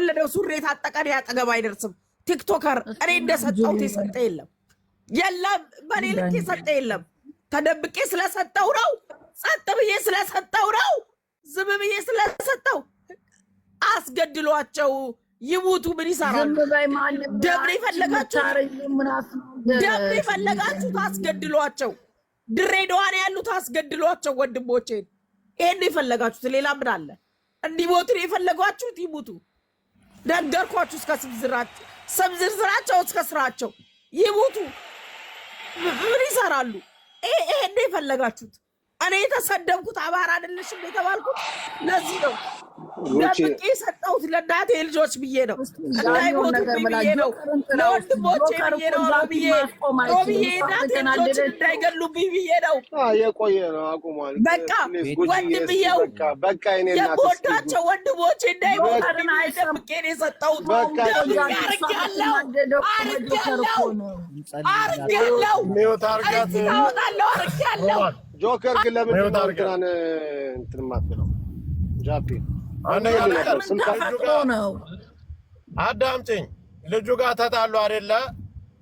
የተቆለደው ሱሪ የታጠቀ አጠገብ አይደርስም። ቲክቶከር እኔ እንደሰጠሁት የሰጠ የለም የለም በእኔ ልክ የሰጠ የለም። ተደብቄ ስለሰጠው ነው፣ ጸጥ ብዬ ስለሰጠው ነው፣ ዝም ብዬ ስለሰጠው አስገድሏቸው ይሙቱ ምን ይሰራሉ? ደብሬ ፈለጋችሁ ደብሬ ፈለጋችሁ ታስገድሏቸው። ድሬዳዋን ያሉት አስገድሏቸው። ወንድሞቼን ይሄን የፈለጋችሁት። ሌላ ምን አለ? እንዲሞቱ የፈለጓችሁት። ይሙቱ። ነገርኳችሁ። እስከ ስብዝራቸው ስብዝርዝራቸው እስከ ስራቸው ይሙቱ። ምን ይሰራሉ? ይሄ እንደ የፈለጋችሁት? እኔ የተሰደብኩት አባር አይደለሽም የተባልኩት ለዚህ ነው። ደብቄ የሰጠሁት ለእናቴ ልጆች ብዬ ነው፣ እንዳይሞቱ ብዬ ነው፣ ለወንድሞቼ ብዬ ነው፣ ብዬ ብዬ እናቴ ልጆችን እንዳይገሉብኝ ብዬ ነው። የቆየ ነው አቁሟል። በቃ ወንድምየው የምወዳቸው ወንድሞቼ እንዳይሞቱ ደብቄ ነው የሰጠሁት። አርጌያለሁ፣ አርጌያለሁ፣ አርጌያለሁ፣ አርጌያለሁ ጆከር ግን ለምን ታርገናን እንትን ማትለው ጃፒ ነው። አዳምጪኝ። ልጁ ጋር ተጣሉ አይደለ?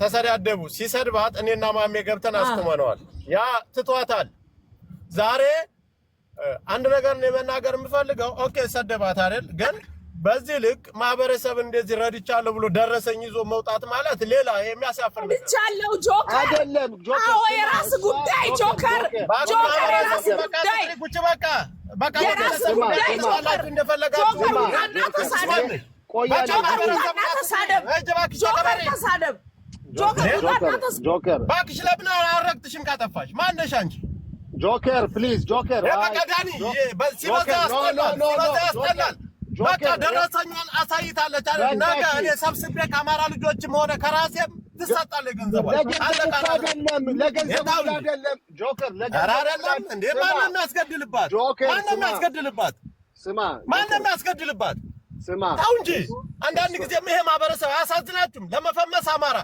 ተሰዳደቡ። ሲሰድባት እኔና ማሜ ገብተን አስቁመነዋል። ያ ትቷታል። ዛሬ አንድ ነገር ነው የመናገር የምፈልገው። ኦኬ ሰደባት አይደል ግን በዚህ ልክ ማህበረሰብ እንደዚህ ረድቻለሁ ብሎ ደረሰኝ ይዞ መውጣት ማለት ሌላ የሚያሳፍር ነገር ብቻለው። ጆከር አዎ የራስ ጉዳይ ጆከር፣ ጆከር የራስ ጉዳይ በቃ በቃ የራስ ጉዳይ ጆከር፣ እንደፈለጋችሁ ተሳደብ፣ ጆከር ተሳደብ፣ ጆከር እባክሽ፣ ለምን አረግጥሽም? ካጠፋሽ አንቺ? ጆከር ፕሊዝ፣ ጆከር በቃ ዳኒ፣ ሲበዛ ያስጠላል። በቃ ደረሰኛን አሳይታለች አይደል? ነገ እኔ ሰብስቤ ከአማራ ልጆችም ሆነ ከራሴም ትሰጣለች ገንዘቧ። አይደለም ለገንዘቡ አይደለም ጆከር፣ አንዳንድ ጊዜም ይሄ ማህበረሰብ አያሳዝናችሁም? ለመፈመስ አማራ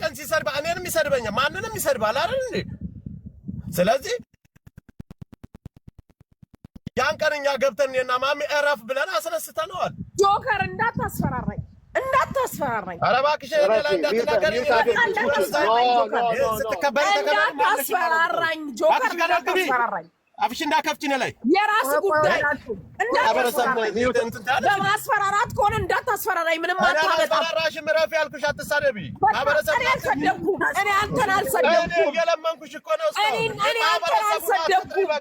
ቀን ሲሰድባ እኔንም ይሰድበኛል፣ ማንንም ይሰድባል አይደል እንዴ? ስለዚህ ያን ቀን እኛ ገብተን እና ማሚ እረፍ ብለን አስነስተነዋል። ጆከር እንዳታስፈራራኝ እንዳታስፈራራኝ፣ ኧረ እባክሽ እንዳታስፈራራኝ ጆከር እንዳታስፈራራኝ አፍሽ እንዳከፍች ነ ላይ የራስ ጉዳይ በማስፈራራት ከሆነ እንዳታስፈራራኝ። ምንም አታመጣም። ምረፍ ያልኩሽ አትሳደቢ። ማህበረሰብ እኔ አንተን አልሰደብኩም። የለመንኩሽ እኮ ነው። እኔ አንተን አልሰደብኩም።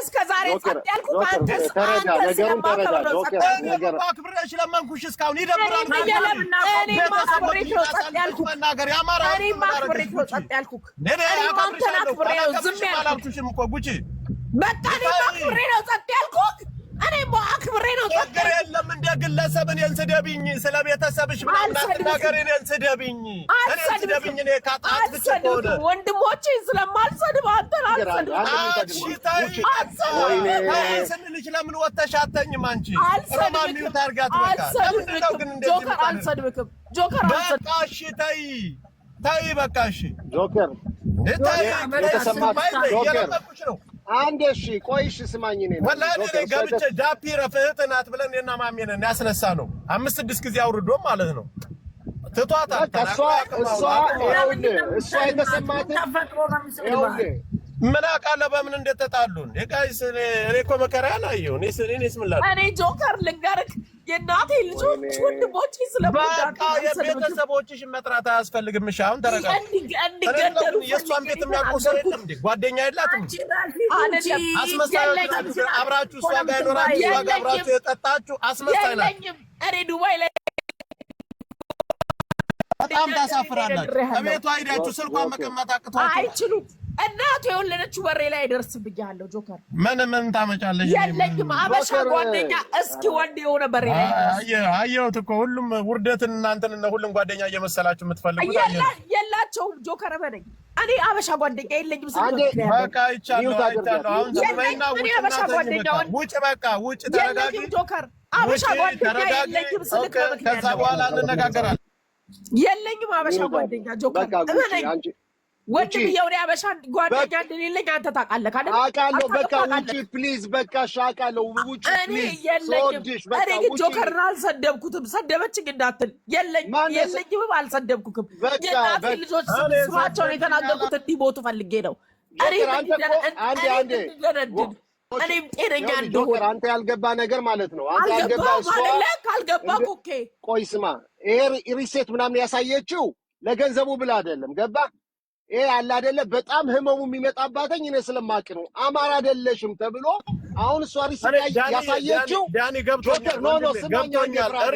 እስከ ዛሬ ጸጥ ያልኩት አንተ አንተ ስለማከብር ለመንኩሽ። እስካሁን ይደብራል። እኔማ ነው ጸጥ ያልኩት። እኔማ ነው ጸጥ ያልኩት። እኔማ አንተን አክብሬ ነው ዝም ያልኩት። በጣም አክብሬ ነው ጸጥ ያልኩት። እኔ አክብሬ ነው ጸጥ የለም። እንደ ግለሰብ እኔን ስደብኝ፣ ስለ ቤተሰብሽ ምናምን አትናገሪ። እኔን ስደብኝ፣ ስደብኝ። እኔ ካጣት ብቻ ሆነ ስለማልሰድብ አንተን አልሰድብ። ለምን ወጥተሽ አንቺ ሮማኒው ታርጋት በቃ ግን ጆከር አልሰድብክም። ጆከር በቃ እሺ ተይ ተይ፣ በቃ እሺ ጆከር ተይ። የተሰማሽ ጆከር አንድ እሺ፣ ቆይ እሺ፣ ስማኝ ነኝ ወላሂ እኔ ገብቼ ዳፒ ረፍህት ናት ብለን የና ማሜ ነን ያስነሳ ነው አምስት ስድስት ጊዜ አውርዶ ማለት ነው ትቷታ እሷ እሷ እሷ የተሰማትን ምን አውቃለሁ በምን እንደተጣሉን የቃይስ እኔ እኮ መከራ ያላየሁ እኔ እኔ ጆከር ልንገርህ የእናቴ ልጆች ወንድሞች ስለቤተሰቦችሽ መጥራት አያስፈልግም። አሁን የእሷን ቤት የሚያውቁ ሰው የለም። ጓደኛ የላትም። አብራችሁ እሷ ጋር የኖራችሁ እሷ ጋር አብራችሁ የጠጣችሁ አስመሳይ ናት። እኔ ዱባይ ላይ በጣም ታሳፍራላችሁ። ከቤቷ ሄዳችሁ ስልኳን መቀመጥ አቅቷችሁ አይችሉም። እናቱ የወለደችው በሬ ላይ አይደርስም ብያለሁ። ጆከር ምን ምን ታመጫለሽ? የለኝም አበሻ ጓደኛ እስኪ ወንድ የሆነ በሬ ላይ አየሁት እኮ ሁሉም ውርደትን እናንተን እና ሁሉም ጓደኛ እየመሰላችሁ የምትፈልጉት የላቸውም። ጆከር በለኝ እኔ አበሻ ጓደኛ የለኝም። በቃ ይቻለሁ አይቻለሁ። አሁን ዝምበይና ውጭ በቃ ውጭ ተረጋጊ። ጆከር አበሻ ጓደኛ የለኝም ስልክ ከዛ በኋላ እንነጋገራለን። የለኝም አበሻ ጓደኛ ጆከር እመነኝ ወንድ ብዬው ያበሻ ጓደኛ እንደሌለኝ አንተ ታውቃለህ። ካለ አውቃለሁ። በቃ ውጪ ፕሊዝ፣ በቃ አውቃለሁ። ውጪ እኔ የለኝም። እኔ ግን ጆከርን አልሰደብኩትም። ሰደበችኝ እንዳትል የለኝም፣ የለኝምም አልሰደብኩክም። የናት ልጆች ስማቸውን የተናገርኩት እንዲሞቱ ፈልጌ ነው። እኔእንዲደረድን እኔም ጤነኛ እንደሆነ አንተ ያልገባ ነገር ማለት ነው። አንተ ያልገባ ካልገባ ኦኬ። ቆይ ስማ፣ ይሄ ሪሴት ምናምን ያሳየችው ለገንዘቡ ብላ አይደለም። ገባ ይሄ ያለ አይደለ በጣም ህመሙ የሚመጣባተኝ እኔ ስለማቅ ነው። አማራ አይደለሽም ተብሎ አሁን እሷ ሪሲት ያሳየችው ዳኒ ገብቶኛል።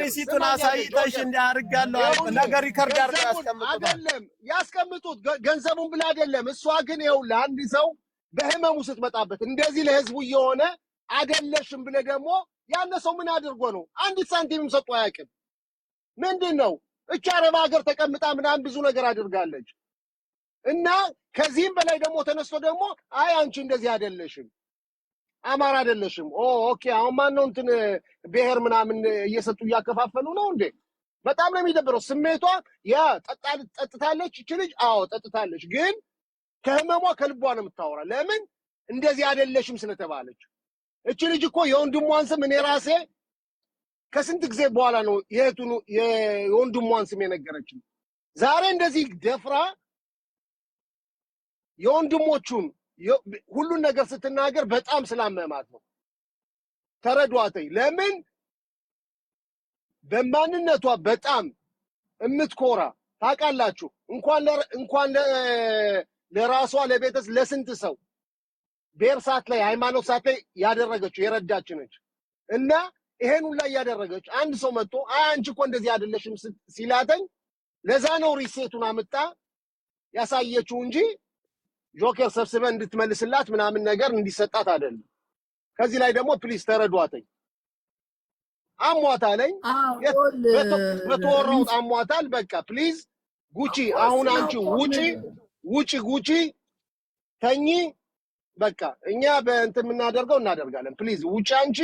ሪሲቱን አሳይተሽ እንዳርጋለሁ ነገር ሪከርድ አድርገው ያስቀምጡት አይደለም ያስቀምጡት ገንዘቡን ብላ አይደለም። እሷ ግን ይኸው ለአንድ ሰው በህመሙ ስትመጣበት እንደዚህ ለህዝቡ እየሆነ አይደለሽም ብለ ደግሞ ያነ ሰው ምን አድርጎ ነው? አንዲት ሳንቲምም ሰጡ አያውቅም። ምንድን ነው እቺ አረብ ሀገር ተቀምጣ ምናምን ብዙ ነገር አድርጋለች። እና ከዚህም በላይ ደግሞ ተነስቶ ደግሞ አይ አንቺ እንደዚህ አይደለሽም አማራ አይደለሽም። ኦ ኦኬ። አሁን ማን ነው እንትን ብሔር ምናምን እየሰጡ እያከፋፈሉ ነው እንዴ? በጣም ነው የሚደብረው። ስሜቷ ያ ጠጥታለች፣ እች ልጅ አዎ ጠጥታለች፣ ግን ከህመሟ ከልቧ ነው የምታወራ። ለምን እንደዚህ አይደለሽም ስለተባለች። እች ልጅ እኮ የወንድሟን ስም እኔ ራሴ ከስንት ጊዜ በኋላ ነው የእህቱን የወንድሟን ስም የነገረችን። ዛሬ እንደዚህ ደፍራ የወንድሞቹን ሁሉን ነገር ስትናገር በጣም ስላመማት ነው። ተረዷተኝ። ለምን በማንነቷ በጣም እምትኮራ ታውቃላችሁ። እንኳን እንኳን ለራሷ ለቤተስ ለስንት ሰው ብሔር ላይ ሃይማኖት ሳት ላይ ያደረገችው የረዳች ነች እና ይሄን ሁላ እያደረገች አንድ ሰው መጥቶ አይ አንቺ እኮ እንደዚህ አይደለሽም ሲላተኝ ለዛ ነው ሪሴቱን አምጣ ያሳየችው እንጂ ጆኬር ሰብስበ እንድትመልስላት ምናምን ነገር እንዲሰጣት አይደለም። ከዚህ ላይ ደግሞ ፕሊስ ተረዷተኝ አሟታለኝ በተወራው አሟታል። በቃ ፕሊዝ ጉቺ፣ አሁን አንቺ ውጪ ውጪ፣ ጉቺ ተኚ። በቃ እኛ በእንት የምናደርገው እናደርጋለን። ፕሊዝ ውጪ፣ አንቺ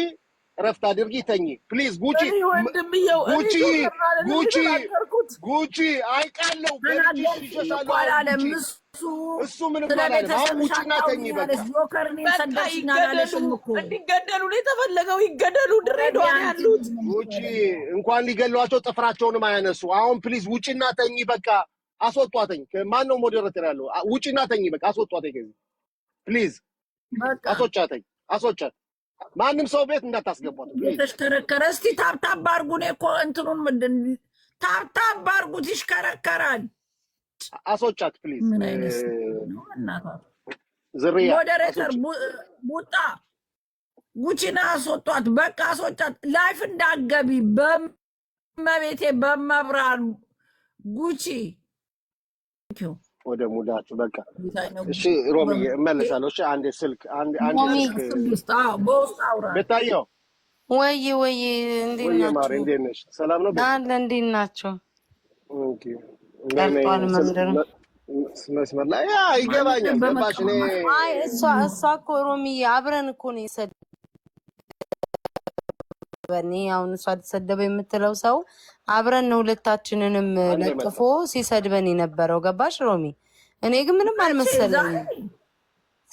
እረፍት አድርጊ፣ ተኚ። ፕሊዝ ጉቺ፣ ጉቺ፣ ጉቺ፣ ጉቺ አይቃለው እሱ ምንም ውጭና ተኝ እንዲገደሉ ነው የተፈለገው። ይገደሉ፣ ድሬዳዋ ያሉት ውጭ እንኳን ሊገሏቸው ጥፍራቸውንም አያነሱ። አሁን ፕሊዝ ውጭና ተኝ በቃ አስወጧተኝ። ማን ነው ሞዴሬተር ያለው? ውጭና ተኝ በቃ አስወጧተኝ። ከዚህ ፕሊዝ አስወጫተኝ፣ አስወጫት። ማንም ሰው ቤት እንዳታስገቧት። የተሽከረከረ እስቲ ታብታብ አድርጉ። እኮ እንትኑን ምንድን ታብታብ አድርጉት፣ ይሽከረከራል አስወጫት ፕሊዝ። ምን አይነት ዝርያ ሞዴሬተር ቡጣ ጉቺና አስወጧት። በቃ አስወጫት። ላይፍ እንዳገቢ በመቤቴ በመብራን ጉቺ ወደ ሙዳችሁ በቃ እሺ፣ ሮሚ እመለሳለሁ። እሺ፣ አንዴ ስልክ አንዴ ስልክ ብታየው ወይ ወይ፣ እንዴት ናቸው? ሰላም ነው አለ። እንዴት ናቸው? ኦኬ ቀርቷል መምህር መስመር ላይ ይገባኛል። ገባሽ? እኔ እሷ እሷ እኮ ሮሚዬ አብረን እኮ ነው የሰደበን። አሁን እሷ ተሰደበ የምትለው ሰው አብረን ነው ሁለታችንንም ለጥፎ ሲሰድበን የነበረው ገባሽ ሮሚ? እኔ ግን ምንም አልመሰለኝም።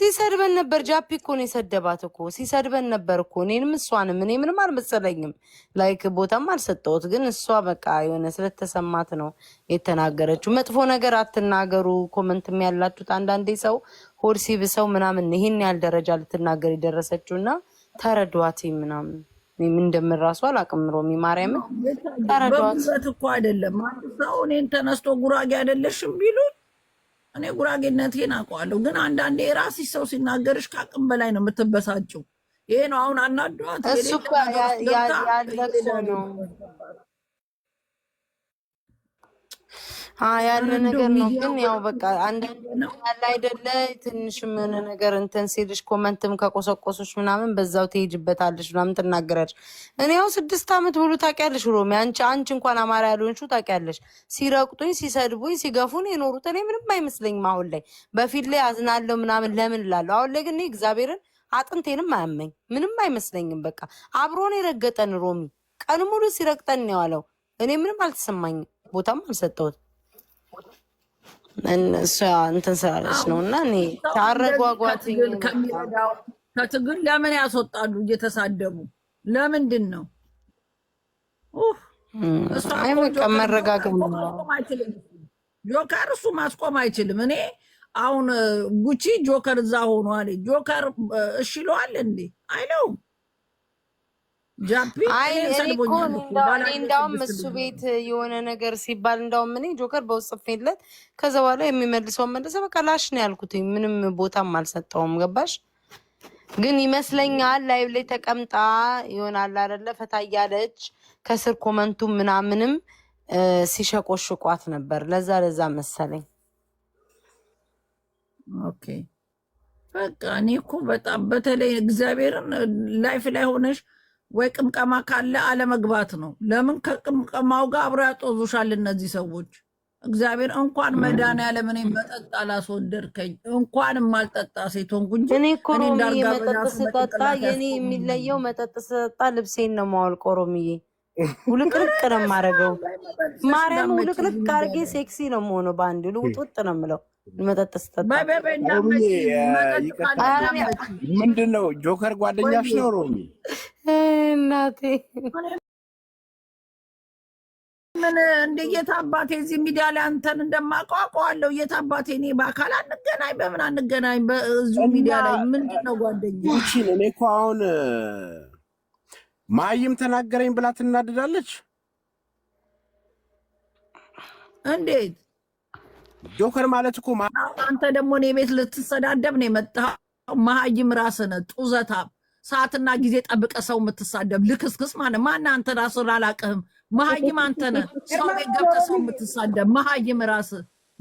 ሲሰድበን ነበር። ጃፒ እኮ ነው የሰደባት እኮ ሲሰድበን ነበር እኮ እኔንም እሷንም። እኔ ምንም አልመሰለኝም፣ ላይክ ቦታም አልሰጠሁት። ግን እሷ በቃ የሆነ ስለተሰማት ነው የተናገረችው። መጥፎ ነገር አትናገሩ። ኮመንትም ያላችሁት አንዳንዴ ሰው ሆድ ሲብሰው ምናምን ይህን ያህል ደረጃ ልትናገር የደረሰችው እና ተረዷት ምናምን ምን እንደምራሱ አላቅምሮ ማርያምን ተረዷት እኮ አይደለም ሰው እኔን ተነስቶ ጉራጌ አይደለሽም ቢሉት እኔ ጉራጌነቴን አውቀዋለሁ። ግን አንዳንዴ የራስሽ ሰው ሲናገርሽ ከአቅም በላይ ነው የምትበሳጭው። ይሄ ነው አሁን አናዷት። እሱ ያለቅሶ ነው ያለ ነገር ነው። ግን ያው በቃ አንዳንድ ያለ አይደለ ትንሽ ምን ነገር እንትን ሲልሽ ኮመንትም ከቆሰቆሶች ምናምን በዛው ትሄጅበታለሽ ምናምን ትናገራለሽ። እኔ ያው ስድስት ዓመት ሙሉ ታውቂያለሽ ሮሚ፣ አንቺ አንቺ እንኳን አማራ ያልሆንሽው ታውቂያለሽ። ሲረቅጡኝ፣ ሲሰድቡኝ፣ ሲገፉን የኖሩት እኔ ምንም አይመስለኝም። አሁን ላይ በፊት ላይ አዝናለሁ ምናምን ለምን እላለሁ። አሁን ላይ ግን እግዚአብሔርን አጥንቴንም አያመኝ ምንም አይመስለኝም። በቃ አብሮን የረገጠን ሮሚ ቀን ሙሉ ሲረቅጠን ነው ያለው። እኔ ምንም አልተሰማኝም፣ ቦታም አልሰጠሁት እሷ እንትን ስላለች ነው እና እኔ ታረጓጓት ከትግል ለምን ያስወጣሉ? እየተሳደቡ ለምንድን ነው? አይበቃም መረጋገም ጆከር እሱ ማስቆም አይችልም። እኔ አሁን ጉቺ ጆከር እዛ ሆኗል። ጆከር እሽለዋል እንዴ አይለውም እንዳውም እሱ ቤት የሆነ ነገር ሲባል እንዳውም እኔ ጆከር በውስጥ ጽፌለት ከዛ በኋላ የሚመልሰውን መለሰ። በቃ ላሽ ነው ያልኩት፣ ምንም ቦታም አልሰጠውም። ገባሽ? ግን ይመስለኛል ላይቭ ላይ ተቀምጣ ይሆናል አይደለ? ፈታ እያለች ከስር ኮመንቱ ምናምንም ሲሸቆሽቋት ነበር። ለዛ ለዛ መሰለኝ። ኦኬ በቃ እኔ እኮ በጣም በተለይ እግዚአብሔርን ላይፍ ላይ ሆነሽ ወይ ቅምቀማ ካለ አለመግባት ነው። ለምን ከቅምቀማው ጋር አብሮ ያጦዙሻል እነዚህ ሰዎች። እግዚአብሔር እንኳን መድኃኒዓለም እኔ መጠጥ አላስወደድከኝ። እንኳን የማልጠጣ ሴት ሆንኩ እንጂ እኔ እኮ ሮሚዬ መጠጥ ስጠጣ የኔ የሚለየው መጠጥ ስጠጣ ልብሴን ነው ማወል ቆሮምዬ ውልቅልቅ ነው የማደርገው። ማርያም ውልቅልቅ አድርጌ ሴክሲ ነው የምሆነው። በአንድ ልውጥውጥ ነው የምለው መጠጥ ስጠጣ። ምንድን ነው ጆከር ጓደኛሽ ነው ሮሚ እናቴ ምን እንደ የታባቴ እዚህ ሚዲያ ላይ አንተን እንደማቋቋዋለው የት የታባቴ እኔ በአካል አንገናኝ፣ በምን አንገናኝ። በዙ ሚዲያ ላይ ምንድን ነው ጓደኞች? እኔ እኮ አሁን ማይም ተናገረኝ ብላ ትናድዳለች። እንዴት ጆከር ማለት እኮ አንተ ደግሞ እኔ ቤት ልትሰዳደብ ነው የመጣ መሀይም ራስነ ጡዘታም ሰዓትና ጊዜ ጠብቀ ሰው የምትሳደብ ልክስክስ ማለት ማን? አንተ ራስህ አላቅህም። መሀይም አንተ ነህ። ሰው ቤት ገብተህ ሰው የምትሳደብ መሀይም ራስ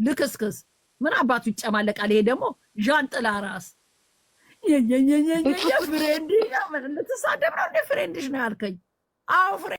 ልክስክስ። ምን አባቱ ይጨማለቃል? ይሄ ደግሞ ዣንጥላ ራስ ፍሬንድ ልትሳደብ ነው። ፍሬንድሽ ነው ያልከኝ? አዎ ፍሬ